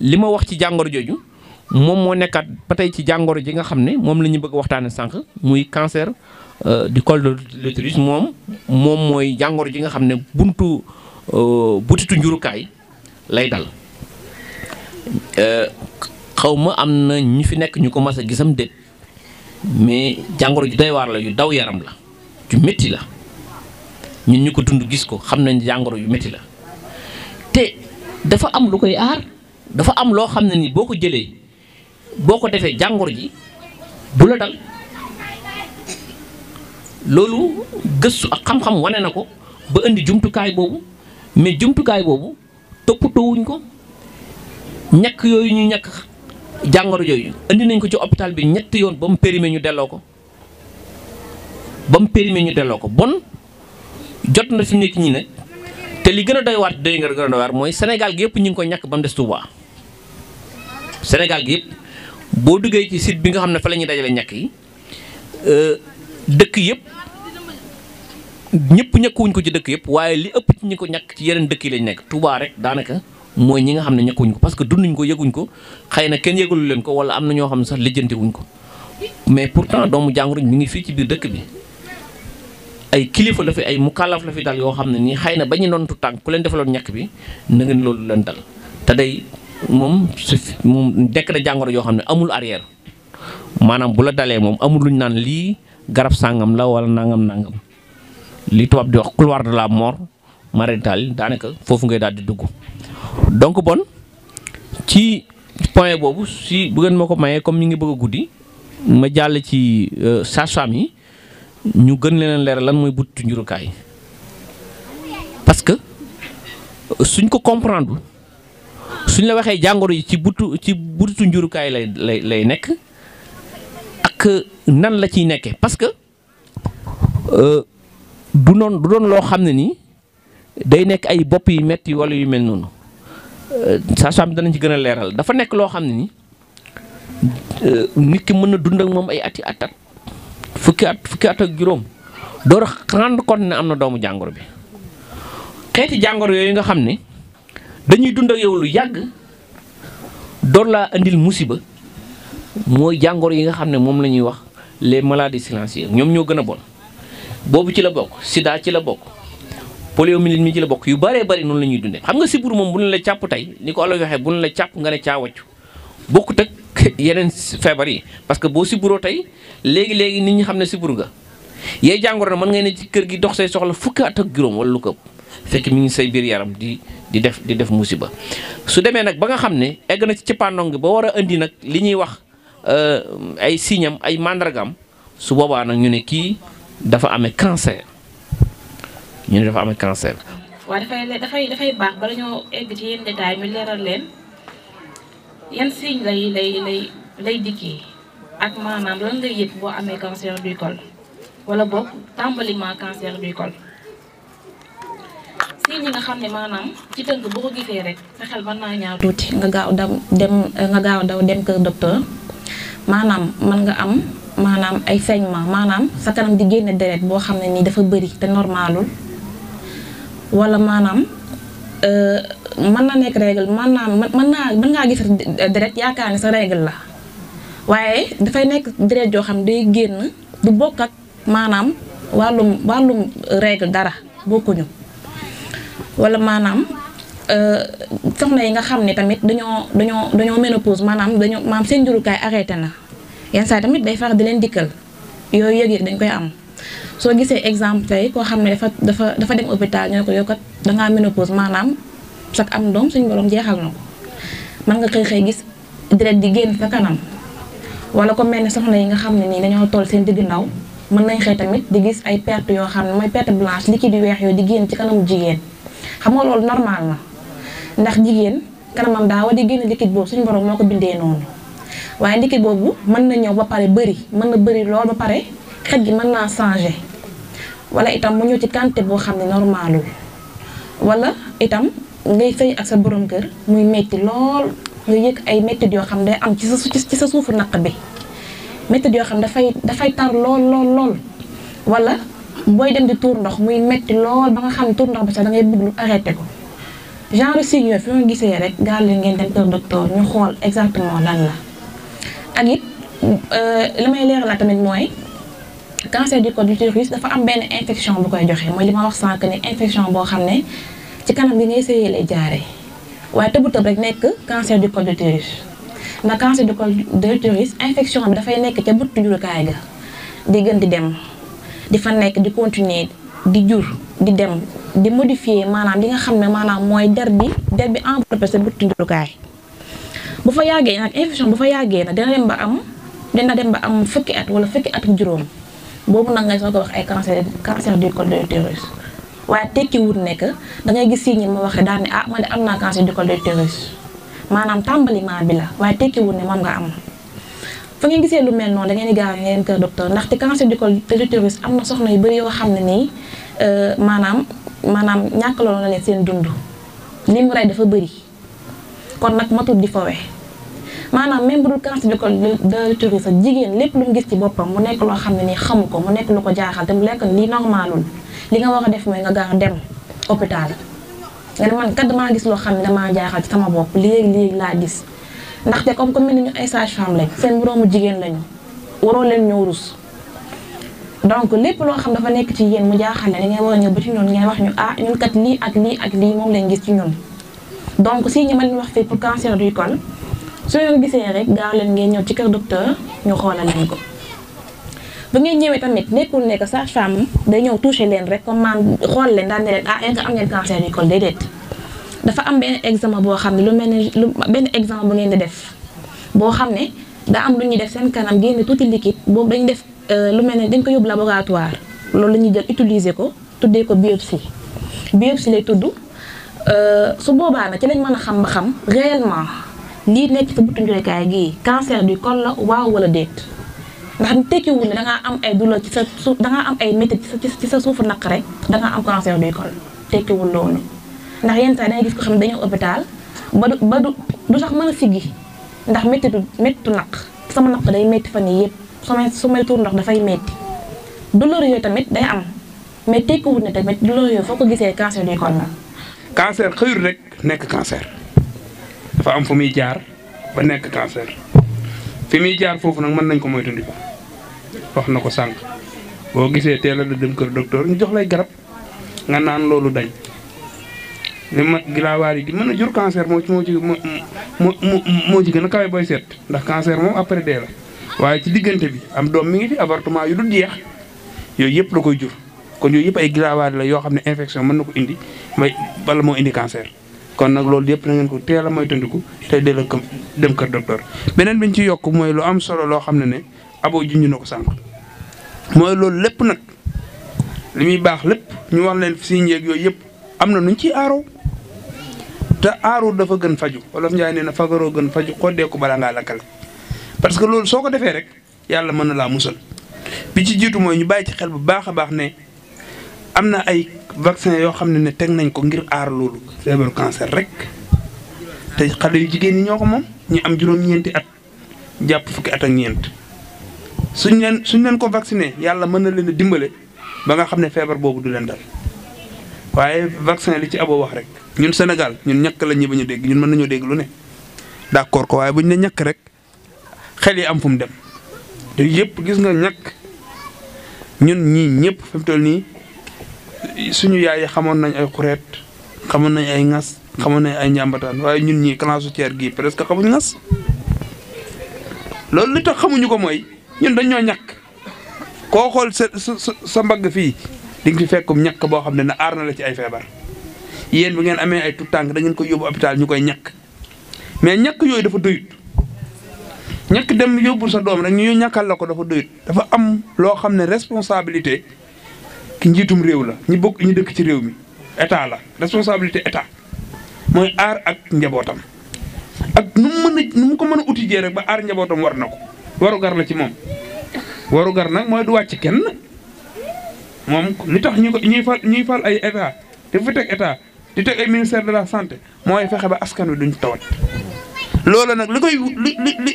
li ma wax ci jàngoro jooju moom moo nekkaat ba tey ci jàngoro ji nga xam ne moom la ñu bëgg waxtaane sànq muy cancer euh, du col de l'utérus moom moom mooy jàngoro ji nga xam ne buntu euh, butitu njurukaay lay dal euh, xaw ma am na ñu fi nekk ñu ko mas gisam déet mais jàngoro ju doy yu daw yaram la ju métti la ñun ñu ko dund gis ko xam nañ jàngoro yu métti la te dafa am lu koy aar dafa am loo xam ne ni boo ko jëlee boo ko defee jàngoro ji du la dal loolu gëstu ak xam-xam wane na ko ba indi jumtukaay boobu mais jumtukaay boobu toppatoowuñ ko ñàkk yooyu ñu ñàkk jàngoro jooyu indi nañ ko ci hôpital bi ñetti yoon ba mu périmé ñu delloo ko ba mu périmé ñu delloo ko bon jot na fi nekk ñi ne te li gën a doy waar doy nga gën doy waar mooy Sénégal gi yëpp ñu ngi ko ñàkk ba mu des Touba Sénégal gi yëpp boo duggee ci site bi nga xam ne fa la ñuy dajale ñàkk yi euh, dëkk yëpp ñëpp wuñ ko ci dëkk yëpp waaye li ëpp ci ñi ko ñàkk ci yeneen dëkk yi lañ nekk Touba rek daanaka mooy ñi nga xam ne ñàkkuwuñ ko parce que dunduñ ko yëguñ ko xëy na kenn yëgalu leen ko wala am na ñoo xam ne sax lijjantiwuñ ko mais pourtant doomu jàngoro mi ngi fii ci biir dëkk bi. ay kilifa la fi ay mukallaf la fi dal yoo xam ne nii xëy na ba ñu doon tu tànk ku leen defaloon ñàkk bi na loolu leen dal moom moom décret jàngoro yoo xam ne amul arrière maanaam bu la dalee moom amul lu ñu naan lii garab sàngam la wala nangam nangam li tubaab di wax couloir de la mort marital daanaka foofu ngay daal di dugg donc bon ci point boobu si bu ngeen ma ko mayee comme mi ngi bëgg a guddi ma jàll ci euh, sage yi ñu gën leen leeral lan mooy butitu njurukaay parce que euh, suñ ko comprendre. suñ la waxee jàngoro yi ci butu ci butu njurukaay lay lay lay nekk ak nan la ciy nekkee parce que euh, du noon du doon loo xam ne nii day nekk ay bopp yu metti wala yu mel noonu saa saa bi danañ ci gën a leeral dafa nekk loo xam ne nii euh, nit ki mën na dund ak moom ay ati at at fukki at fukki at ak juróom door a compte ne am na doomu jàngoro bi xeeti jàngoro yooyu nga xam ne. dañuy dund ak yow lu yàgg door laa indil musiba mooy jàngoro yi nga xam ne moom la ñuy wax les maladies silencieuses ñoom ñoo gën a bon boobu ci la bokk sida ci la bokk poliomyélite mi ci la bokk yu bëree bëri noonu la ñuy dundee xam nga siburu moom bu ñu la càpp tey ni ko olof waxee bu ñu la càpp nga ne caa wàccu bokkut ak yeneen feebar yi parce que boo siburoo tey léegi léegi nit ñi xam ne siburu ga yee jàngoro na mën ngay ne ci kër gi dox say soxla fukki at ak juróom wala lu ko fekk mi ngi say biir yaram di di def di def musiba su demee nag ba nga xam ne egg na ci cappaandong gi ba war a indi nag li ñuy wax euh, ay signam ay màndargam su boobaa nag ñu ne kii dafa amee cancer ñu ne dafa amee cancer. waaw dafay dafay dafay baax bala ñoo egg ci yenn détail mi leeral leen yan signe lay lay dikkee ak maanaam lan ngay yëg boo amee cancer du col wala boog tàmbaliment cancer du col. bëgg ñu nga ne maanaam ci boo ko rek xel mën naa ñaaw tuuti nga gaaw daw dem nga gaaw daw dem kër maanaam mën nga am maanaam ay saignement maanaam sa kanam di génne deret boo xam ne nii dafa bëri te normalul wala maanaam euh, mën na nekk règle man naa mën naa mën ngaa gis deret yaakaar ne sa règle la waaye dafay nekk deret yoo xam day génn du bokk ak maanaam wàllum wàllum règle dara bokkuñu wala maanaam euh, soxna yi nga xam ne tamit dañoo dañoo dañoo ménopause maanaam dañoo maam seen njurukaay arrêté na yenn saa tamit day far di leen dikkal yooyu yëg-yëg dañ koy am soo gisee exemple tey koo xam ne dafa dafa dafa dem hôpital ñu ne ko yow kat dangaa ménopause maanaam sax am doom suñu borom jeexal na ko mën nga xëy xëy gis di deret di génn sa kanam wala ko mel ne soxna yi nga xam ne nii dañoo toll seen digg ndaw mën nañ xëy tamit di gis ay perte yoo xam ne mooy perte blanche weex yooyu di génn ci kanamu jigéen xam nga loolu normal na ndax jigéen kanamam daa war di génn liquide boobu suñu borom moo ko bindee noonu waaye likit boobu mën na ñëw ba pare bëri mën na bëri lool ba pare xet gi mën naa changé wala itam mu ñëw ci quantité boo xam ne normalul wala itam ngay sëy ak sa boroom kër muy metti lool nga yëg ay méttit yoo xam ne day am ci sa ci sa suufu naq bi méttit yoo xam dafay dafay tar lool lool lool wala booy dem di tuur ndox muy metti lool ba nga xam ne tuur ndox ba sax da ngay lu arrêté ko genre signe yooyu fi nga gisee rek gaal leen ngeen dem kër ñu xool exactement lan la ak it euh, li may leeral la tamit mooy cancer du col dafa am benn infection bu koy joxee mooy li ma wax sànq ne infection boo xam ne ci kanam gi ngay sëyee lay jaaree waaye tëbu tëb rek nekk cancer du col de l'utérus ndax cancer du col de l'utérus infection bi dafay nekk ca bëtt jurukaay ga di gën di dem di fa nekk di continuer di jur di dem di modifier maanaam li nga xam ne maanaam mooy der bi der bi empourpé bu tundukaay bu fa yàggee nag infection bu fa yàggee nag dina dem ba am dina dem ba am fukki at wala fukki at juróom boobu nag ngay soo ko wax ay cancer cancer du col de l'utérus waaye tekki nekk da ngay gis si ñi ma waxee daal ne ah man de am naa cancer du col de l'utérus maanaam tàmbali bi la waaye tekki ne moom nga am. fa ngeen gisee lu mel noonu da ngeen di gaaw ngeen kër docteur ndaxte cancer du col de l'utérus am na soxna yu bëri yoo xam ne nii euh, maanaam maanaam ñàkk loolu na leen seen dund li mu rey dafa bëri kon nag matul di fowe maanaam même bu dul cancer du col de l'utérus ak jigéen lépp lu mu gis ci boppam mu nekk loo xam ne nii xamu ko mu nekk lu ko jaaxal te mu lekk li normalul li nga war a def mooy nga gaaw dem hôpital nga ne man kat damaa gis loo xam ne damaa jaaxal ci sama bopp léegi laa gis ndaxte comme comme ni ñu ay sage-femme lañ seen moroomu jigéen lañu waroo leen ñëw rus donc lépp loo xam dafa nekk ci yéen mu jaaxal ne da ngay war a ñëw ba ci ñun ngay wax ñu ah ñun kat lii ak lii ak lii moom lañ gis ci ñun. donc si ñu ma leen wax fii pour cancer du soo su gisee rek gaaw leen ngeen ñëw ci kër docteur ñu xoolal leen ko. bu ngeen ñëwee tamit nekkul ne que sage-femme day ñëw toucher leen rek comme maam xool leen daan ne leen ah yéen am dafa am benn examen boo xam ne lu mel ne lu benn examen bu ngeen di def boo xam ne daa am lu ñuy def seen kanam génne tuuti liquide boobu dañu def euh, lu mel ne dañ ko yóbbu laboratoire loolu la ñuy jël utiliser ko tuddee ko si biopsie si lay tudd euh, su boobaa nag ci lañ mën a xam ba xam réellement lii nekk sa buttu njurekaay gii cancer du col la waaw wala déet ndax tekkiwul ne dangaa am ay douleur ci sa suuf danga am ay métit ci sa ci sa suufu naq rek dangaa am cancer du col tekkiwul loolu. ndax yenn saa dangay gis ko xam ne dañoo hôpital ba du ba du du sax mën a siggi ndax méttitu méttitu naq sama naq day métti fan yii yëpp su may su may tuur ndox dafay du douleur yooyu tamit day am mais tekkiwut foo ko gisee cancer du col la. cancer xëyul rek nekk cancer dafa am fu muy jaar ba nekk cancer fi muy jaar foofu nag mën nañ ko moytandiku wax na ko sànq boo gisee teel a dem kër docteur ñu jox lay garab nga naan loolu dañ. ma gilaawaar yi di mën a jur cancer moo ci moo ci moo moo ci gën a kawe booy set ndax cancer moom après dee waaye ci diggante bi am doom mi ngi fi avortement yu du jeex yooyu yëpp la koy jur kon yooyu yëpp ay gilaawaar la yoo xam ne infection mën na ko indi may bala moo indi kon nag loolu yëpp na ngeen ko teel a moytandiku tey delloo ko dem kër docteur. beneen bi ñu ci yokk mooy lu am solo loo xam ne ne aboo abo junj noo ko sànq mooy loolu lépp nag li muy baax lépp ñu wax leen si njëg yooyu yëpp am na nu ñu ciy aaroo. te aaru dafa gën faju wolof Njaay nee na fagaroo gën faju xoddeeku balaa ngaa lakkale parce que loolu soo ko defee rek yàlla mën na laa musal bi ci jiitu mooy ñu bàyyi ci xel bu baax a baax ne am na ay vaccin yoo xam ne ne teg nañ ko ngir aar loolu feebaru cancer rek te xale yu jigéen ñoo ko moom ñu am juróom-ñeenti at jàpp fukki at ak ñeent suñ leen suñ leen ko vacciné yàlla mën na leen a dimbale ba nga xam ne feebar boobu du leen dal waaye vaccin li ci abo wax rek ñun Sénégal ñun ñàkk la ñu bañ dégg ñun mën nañoo dégg lu ne d'accord ko waaye buñ ne ñàkk rek xel yi am fu mu dem te yëpp gis nga ñakk ñun ñii ñëpp fi nii suñu yaay yi xamoon nañ ay xureet xamoon nañ ay ŋas xamoon nañ ay njàmbataan waaye ñun ñii classe tiers gii presque xamuñ ŋas loolu li tax xamuñu ko mooy ñun dañ ñakk ñàkk koo xool sa sa sa mbagg fii di nga fi fekkum ñàkk boo xam ne na aar na la ci ay feebar. yéen bi ngeen amee ay tout tànk da ngeen koy yóbbu hôpital ñu koy ñàkk mais ñàkk yooyu dafa doyut ñàkk dem yóbbu sa doom rek ñu ñàkkal la ko dafa doyut dafa am loo xam ne responsabilité ki njiitum réew la ñi bokk ñu dëkk ci réew mi état la responsabilité état mooy aar ak njabootam ak nu mu a nu mu ko mën a utiliser ba aar njabootam war na ko warugar la ci moom warugar nag mooy du wàcc kenn moom li tax ñu ñuy fal ñuy fal ay état te fu teg état di teg ministère de la santé mooy fexe ba askan wi duñ tawat. loole nag li koy li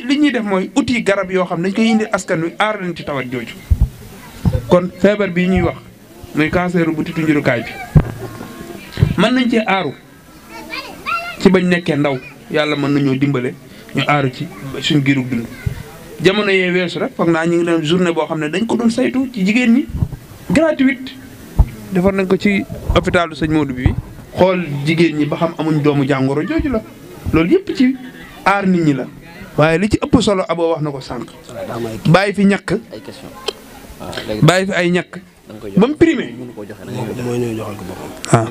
li ñuy def mooy outil garab yoo xam dañ koy askan wi aar leen ci tawat jooju kon feebar bii ñuy wax muy cancer butitu njurukaay bi mën nañ cee aaru ci bañ nekkee ndaw yàlla mën nañoo dimbale ñu aaru ci suñ giirug dund. jamono yee weesu rek foog naa ñu ngi doon journée boo xam ne dañ ko doon saytu ci jigéen ñi gratuite defar nañ ko ci hôpitalu sëñ Modou bi. xool jigéen ñi ba xam amuñ doomu jàngoro jooju la loolu yëpp ci aar nit ñi la waaye li ci ëpp solo aboo wax na ko sànq bàyyi fi ñàkk bàyyi fi ay ñàkk ba mu primé waaw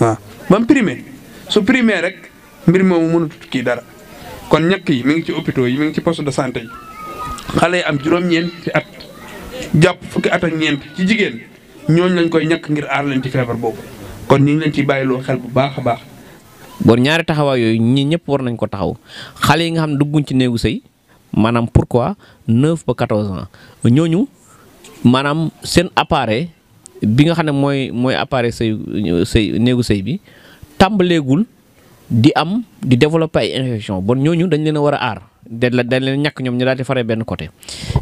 waaw ba mu primé su primé rek mbir moomu mënut ki dara kon ñàkk yi mu ngi ci hôpitaux yi mi ngi ci poste de sante yi xale yi am juróom-ñeent ci at jàpp fukki at ak ñeent ci jigéen ñooñ lañ koy ñàkk ngir aar lañ ci feebar boobu kon ñu ngi leen ciy bàyyiloo xel bu baax a baax. bon ñaari taxawaay yooyu ñi ñëpp war nañ ko taxaw xale yi nga xam ne dugguñ ci néegu sëy maanaam pourquoi 9 ba 14 ans ñooñu maanaam seen appareil bi nga xam ne mooy mooy appareil sëy sëy néegu sëy bi tàmbaleegul di am di développer ay infection bon ñooñu dañ leen a war a aar dañ la leen ñàkk ñoom ñu daal di faree benn côté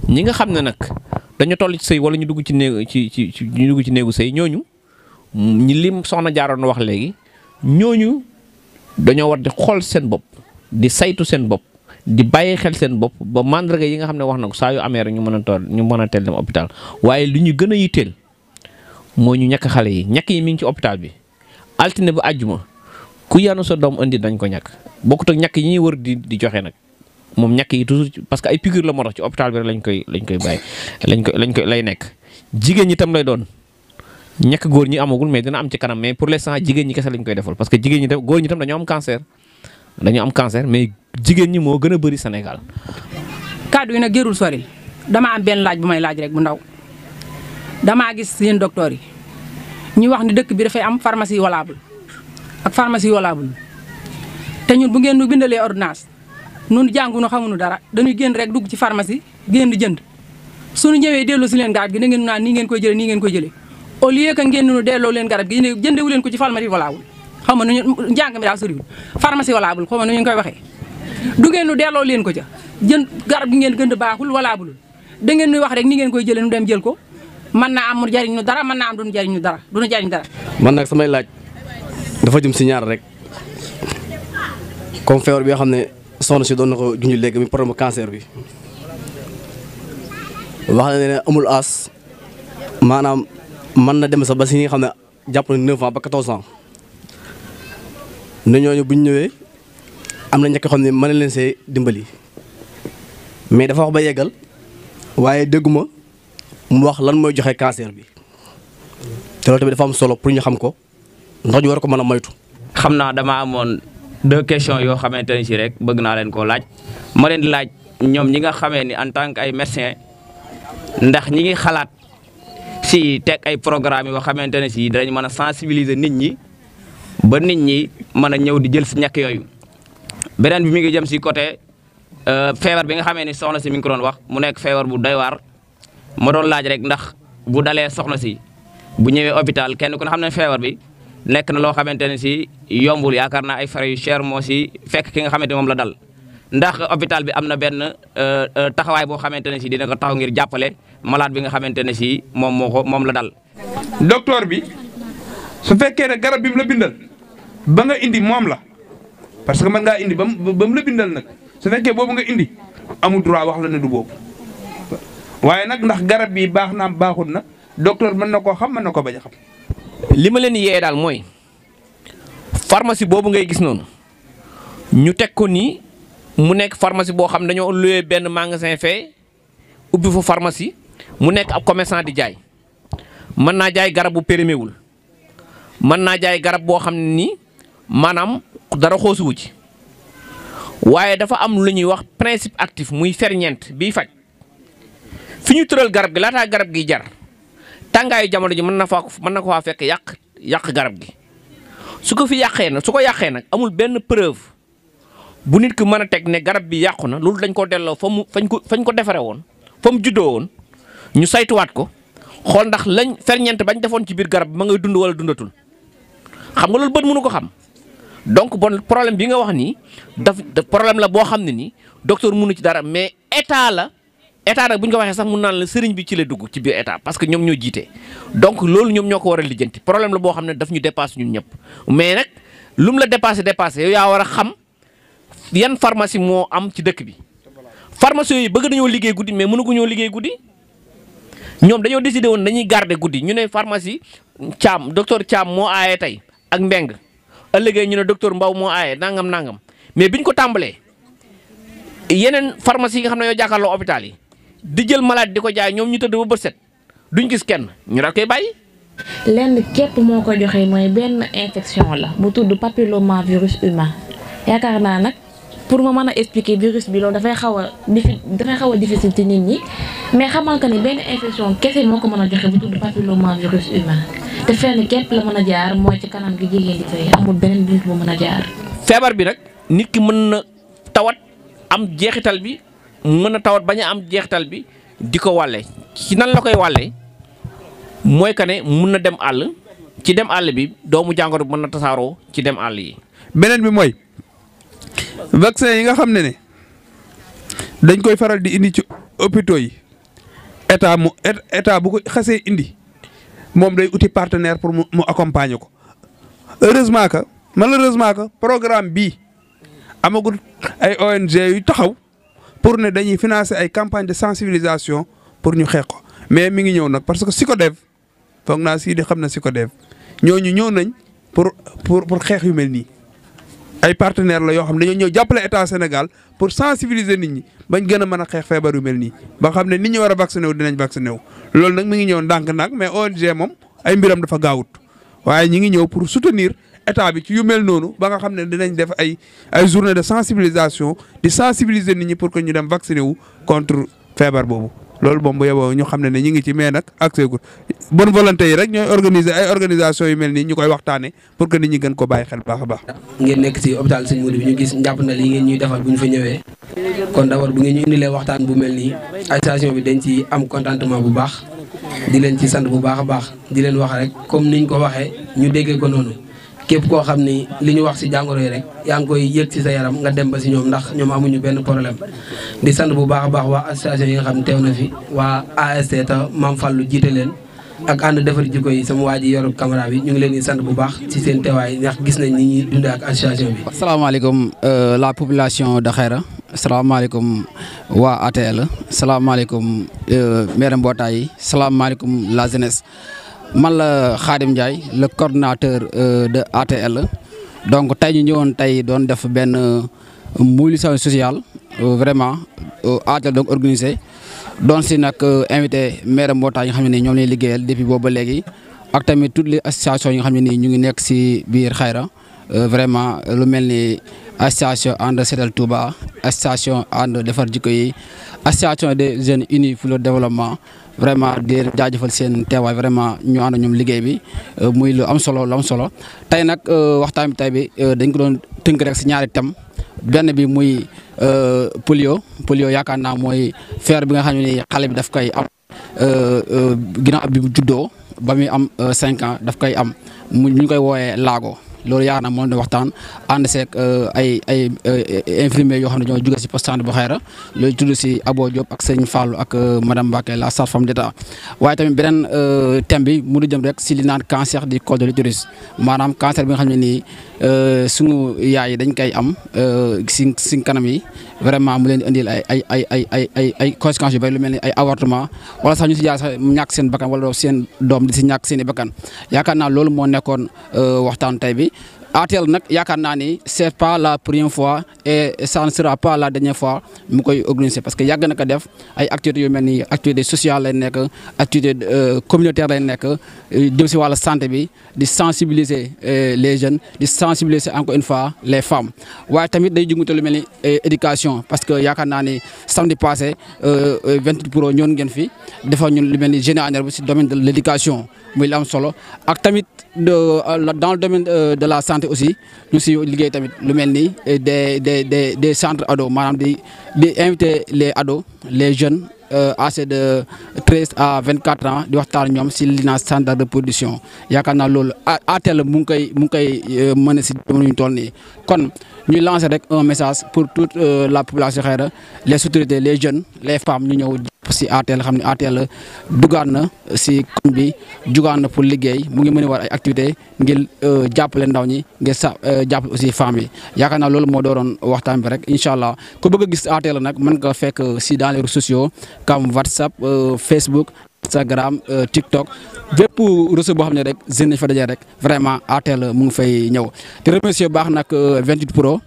ñi nga xam ne nag dañu toll ci sëy wala ñu dugg ci néegu ci ci ñu dugg ci néegu sëy ñooñu. ñi lim soxna jaaroon wax léegi ñooñu dañoo war di xool seen bopp di saytu seen bopp di bàyyi xel seen bopp ba mandarga yi nga xam ne wax na ko saa yu amee rek ñu mën a toll ñu mën a teel dem hôpital waaye lu ñu gën a yitteel moo ñu ñàkk xale yi ñàkk yi mi ngi ci hôpital bi altine ba àjjuma ku yanu sa doom indi dañ ko ñàkk bokkut ak ñàkk yi ñuy wër di di joxe nag moom ñàkk yi toujours parce que ay piqûre la moo tax ci hôpital bi rek lañ koy lañ koy bàyyi lañ koy lañ koy lay nekk jigéen ñi tam lay doon. ñekk góor ñi amagul mais dina am ci kanam mais pour l'instant jigéen ñi kese lañ koy defal parce que jigéen ñi tam góor am cancer dañoo am cancer mais jigéen ñi moo gën a bëri Sénégal. kàddu yi nag jërul soril dama am benn laaj bu may laaj rek bu ndaw damaa gis yéen docteur yi ñu wax ni dëkk bi dafay am farmasi valable ak pharmacie valable te ñun bu ngeen nu bindalee ordonnance ñun jànguñu xamuñu dara dañuy génn rek dugg ci pharmacie génn jënd suñu ñëwee dellu si leen garab gi da ngeen naan koy jëlee nii ngeen koy jëlee. au lieu que ngeen nu delloo leen garab gi ne jëndewu leen ko ci pharmacie valable xaw ma nu ñu njàng mi daal soriwul pharmacie valable xaw ma nu ñu koy waxee du ngeen nu delloo leen ko ca jën garab gi ngeen gën a baaxul valable da ngeen nuy wax rek ni ngeen koy jëlee nu dem jël ko mën naa am jariñ ñu dara mën naa am duñu jariñ ñu dara duñu jariñ dara man nag samay laaj dafa jëm si ñaar rek comme feebar bi nga xam ne son si doon na ko junj léegi mi problème cancer bi wax na ne amul aas maanaam mën na dem sax ba si nga xam ne jàpp na 9 ans ba 14 ans ne ñooñu buñ ñu ñëwee am na ñekk xam ne mën na leen see dimbali mais dafa wax ba yeggal waaye dëgguma mu wax lan mooy joxe cancer bi te loolu tamit dafa am solo pour ñu xam ko ndax ñu war ko mën a moytu. xam naa dama amoon de questions yoo xamante ne si rek bëgg naa leen koo laaj ma leen di laaj ñoom ñi nga xamee ni en tant que ay médecin ndax ñi ngi xalaat. si teg ay programme yoo xamante ne si dinañ mën a sensibiliser nit ñi ba nit ñi mën a ñëw di jël si ñàkk yooyu beneen bi mu ngi jëm si côté euh, feebar bi nga xamee ni soxna si mi ngi ko doon wax mu nekk feebar bu doy waar ma doon laaj rek ndax bu dalee soxna si bu ñëwee hôpital kenn ku ne xam ne feebar bi nekk na loo xamante ne si yombul yaakaar naa ay frais yu cher moo si fekk ki nga xamante moom la dal ndax hôpital bi am na benn euh, euh, taxawaay boo xamante ne si dina ko taxaw ngir jàppale malade bi nga xamante ne si moom moo ko moom la daal docteur bi su fekkee ne garab bi mu la bindal ba nga indi moom la parce que mën ngaa indi ba mu la bindal nag su fekkee boobu nga indi amul droit wax la ne du boobu waaye nag ndax garab bi baax naam baaxut na docteur mën na koo xam mën na ko bañ xam. li ma leen yee daal mooy pharmacie boobu ngay gis noonu ñu teg nii. mu nekk pharmacie boo xam dañoo loué benn magasin fee ubbi fa pharmacie mu nekk ak commerçant di jaay mën naa jaay garab bu périmé wul mën naa jaay garab boo xam ne nii maanaam dara xoosuwu ci waaye dafa am lu ñuy wax principe actif muy ferñeent biy faj fi ñu tëral garab gi laataa garab gi jar tàngaayu jamono ji mën na faa mën na ko faa fekk yàq yàq garab gi su ko fi yàqee nag su ko yàqee nag amul benn preuve. bu nit ki mën a teg ne garab bi yàqu na loolu dañ koo delloo fa mu fañ ko fañ ko defaree woon fa mu juddoo woon ñu saytuwaat ko xool ndax lañ ferñeent bañ defoon ci biir garab ma ngay dund wala dundatul xam nga loolu bët mënu ko xam donc bon problème bi nga wax nii daf problème la boo xam ne nii docteur mënu ci dara mais état la état nag bu ñu ko waxee sax mun naan la dugg ci biir état parce que ñoom ñoo jiite. donc loolu ñoom ñoo ko war a lijjanti problème la boo xam ne daf ñu dépasse ñun ñëpp mais nag lum la dépassé dépassé yaa war a xam. yan pharmacie moo am ci dëkk bi pharmacie yooyu bëgg nañoo liggéey guddi mais mënaguñoo liggéey guddi ñoom dañoo décidé woon dañuy garde guddi ñu ne pharmacie Thiam docteur Thiam moo aaye tey ak Mbeng ëllëgee ñu ne docteur Mbaw moo aaye nangam nangam mais bi biñ ko tàmbalee yeneen pharmacie nga xam ne ñoo jàkkaarloo hôpital yi di jël malaat di ko jaay ñoom ñu tëdd ba bët set duñ gis kenn ñu daal koy bàyyi. lenn képp moo ko joxe mooy benn infection la bu tudd papillomavirus humain yaakaar pour ma mën a expliquer virus bi loolu dafay xaw a diffi xaw a difficile ci nit ñi mais xamal que ni benn infection kese moo ko mën a joxe bu tudd papilloma virus humain te fenn képp la mën a jaar mooy ci kanam gi jigéen di fay amul beneen bunt bu mën a jaar. feebar bi nag nit ki mën na tawat am jeexital bi mën na tawat bañ am jeexital bi di ko wàlle ci nan la koy wàlle mooy que ne mun na dem àll ci dem àll bi doomu jàngoro bi mën na tasaaroo ci dem àll yi. beneen bi mooy. vaccin yi nga xam ne ne dañ koy faral di indi ci hôpitaux yi état mu état bu ko xasee indi moom day uti partenaire pour mu mu accompagner ko heureusement que malheureusement que programme bii amagul ay ONG yu taxaw pour ne dañuy financer ay campagne de sensibilisation pour ñu xeex ko mais mi ngi ñëw nag parce que SYCODEV foog naa sii di xam na SYCODEV ñooñu ñëw nañ pour pour pour xeex yu mel nii. ay partenaire la yoo xam ne dañoo ñëw jàppale état Sénégal pour sensibiliser nit ñi bañ gën a mën a xeex feebar yu mel nii ba xam ne nit ñi war a vacciné wu dinañ vacciné wu loolu nag mi ngi ñëw ndànk nag mais ONG moom ay mbiram dafa gaawut waaye ñi ngi ñëw pour soutenir état bi ci yu mel noonu ba nga xam ne dinañ def ay ay journée de sensibilisation di sensibiliser nit ñi pour que ñu dem vacciné wu contre feebar boobu loolu boom bu yeboo ñu xam ne ne ñu ngi ci mais nag accès gu bonne volonté yi rek ñooy organisation yu mel ni ñu koy waxtaanee pour que ni ñi gën ko bàyyi xel baax a baax. ngeen nekk si hôpital Sëñ ñu gis njàpp na li ngeen ñuy defal bu ñu fa ñëwee kon d'abord bu ngeen ñu indilee waxtaan bu mel nii association bi dañ ci am contentement bu baax di leen ci sant bu baax a baax di leen wax rek comme niñ ko waxee ñu déggee ko noonu. képp koo xam ni li ñu wax si jàngoro yi rek yaa ngi koy yëg si sa yaram nga dem ba si ñoom ndax ñoom amuñu benn problème di sant bu baax a baax waa association yi nga xam ne teew na fi waa AST te Mame Fallou jiite leen ak ànd defar jikko yi sama waa ji yorub caméra bi ñu ngi leen di sant bu baax ci seen teewaay ndax gis nañ ni ñuy dundee ak association bi. salaamaaleykum euh, la population de Xayra salaamaaleykum waa ATL salaamaaleykum euh, maire mbootaay yi salaamaaleykum la jeunesse. man la Khadim Ndiaye le coordinateur euh, de ATL donc tey ñu ñëwoon tey doon def benn euh, mobilisation sociale euh, vraiment ATL donc organisé doon si nag invité maire mbootaay yi xam ne nii ñoom lañuy liggéeyal depuis boobu ba léegi ak tamit toutes les associations yi xam ne nii ñu ngi nekk si biir Xayra vraiment lu mel ni association end seetal Touba association ànd defar jikko yi association des jeunes unis pour le développement vraiment di jaajëfal seen teewaay vraiment ñu ànd ñoom liggéey bi euh, muy lu am solo lu am solo tey nag euh, waxtaan bi tey bi euh, dañ ko doon tënk rek si ñaari thème benn bi muy polio polio yaakaar naa mooy feer bi nga xam ne ni xale bi daf koy am ginnaaw bi mu juddoo ba muy am cinq ans daf koy am mu ñu koy wooyee laago loolu yaakaar naa moo leen waxtaan ànd seeg euh, ay ay euh, infirmiers yoo xam ne ñoo jóge si poste santé bu Xayra loolu tudd si Abo Diop ak Serigne Fallou ak euh, madame Mbacké la sage-femme d'État waaye tamit beneen thème bi mu ngi jëm rek si li naan cancer di col de l'utérus maanaam cancer bi nga xam ne nii suñu yaay yi dañ koy am si si kanam yi vraiment mu leen di indil ay ay ay ay ay ay lu mel ni ay avortement wala sax ñu si jaar sax ñàkk seen bakkan wala seen doom si ñàkk seen i bakkan yaakaar naa loolu moo nekkoon waxtaan tey bi ATL nag yaakaar naa ni c'est pas la première fois et ça pas la dernière fois mu koy organiser parce que yàgg na ko def ay activités yu mel ni activité sociale lay nekk activité euh, communautaire lay nekk euh, jëm si wàllu santé bi di sensibiliser euh, les jeunes di sensibiliser encore une fois les femmes waaye tamit day jumute lu mel ni éducation parce que yaakaar naa ni samedi passé 28 pro ñoon ngeen fi dafa ñun lu mel ni génie en herbe si domaine de la solo Euh, dans le domaine euh, de la santé aussi ñu si liggéey tamit lu mel ni des des des des centres ado maanaam di di inviter les ado les jeunes âgés euh, de treize à vingt quatre ans di waxtaan ñoom si li naan standard de production yaakaar naa loolu ATL mu ngi koy mu ngi koy euh, mën a si jamono ñu toll nii kon ñuy lancer rek un message pour toute euh, la population Xayra les autorités les jeunes les femmes ñu ñëw jàpp si ATL xam ne ATL duggaan na si koñ bi jugaan na pour liggéey mu ngi mën war ay activités ngir jàppale ndaw ñi ngir sa jàppale aussi femmes yi yaakaar naa loolu moo dooroon waxtaan bi rek incha allah ku bëgg gis ATL nag mën nga fekk si dans les comme WhatsApp euh, Facebook Instagram euh, TikTok bépp réseau boo xam ne rek jeune nañ fa dajee rek vraiment ATL mu ngi fay ñëw te remercier baax nag 28 euh, Pro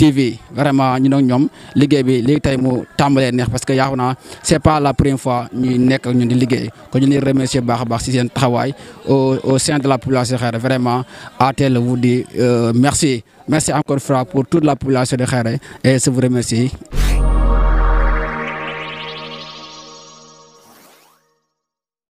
TV vraiment ñu nag ñoom liggéey bi léegi tey mu tàmbalee neex parce que yaakaar na c'est pas la première fois ñuy nekk ak ñun di liggéey kon ñu leen remercier baax baax si seen taxawaay au au sein de la population de Khayré vraiment ATL vous dit merci merci encore une fois pour toute la population de Khayré et je vous remercie.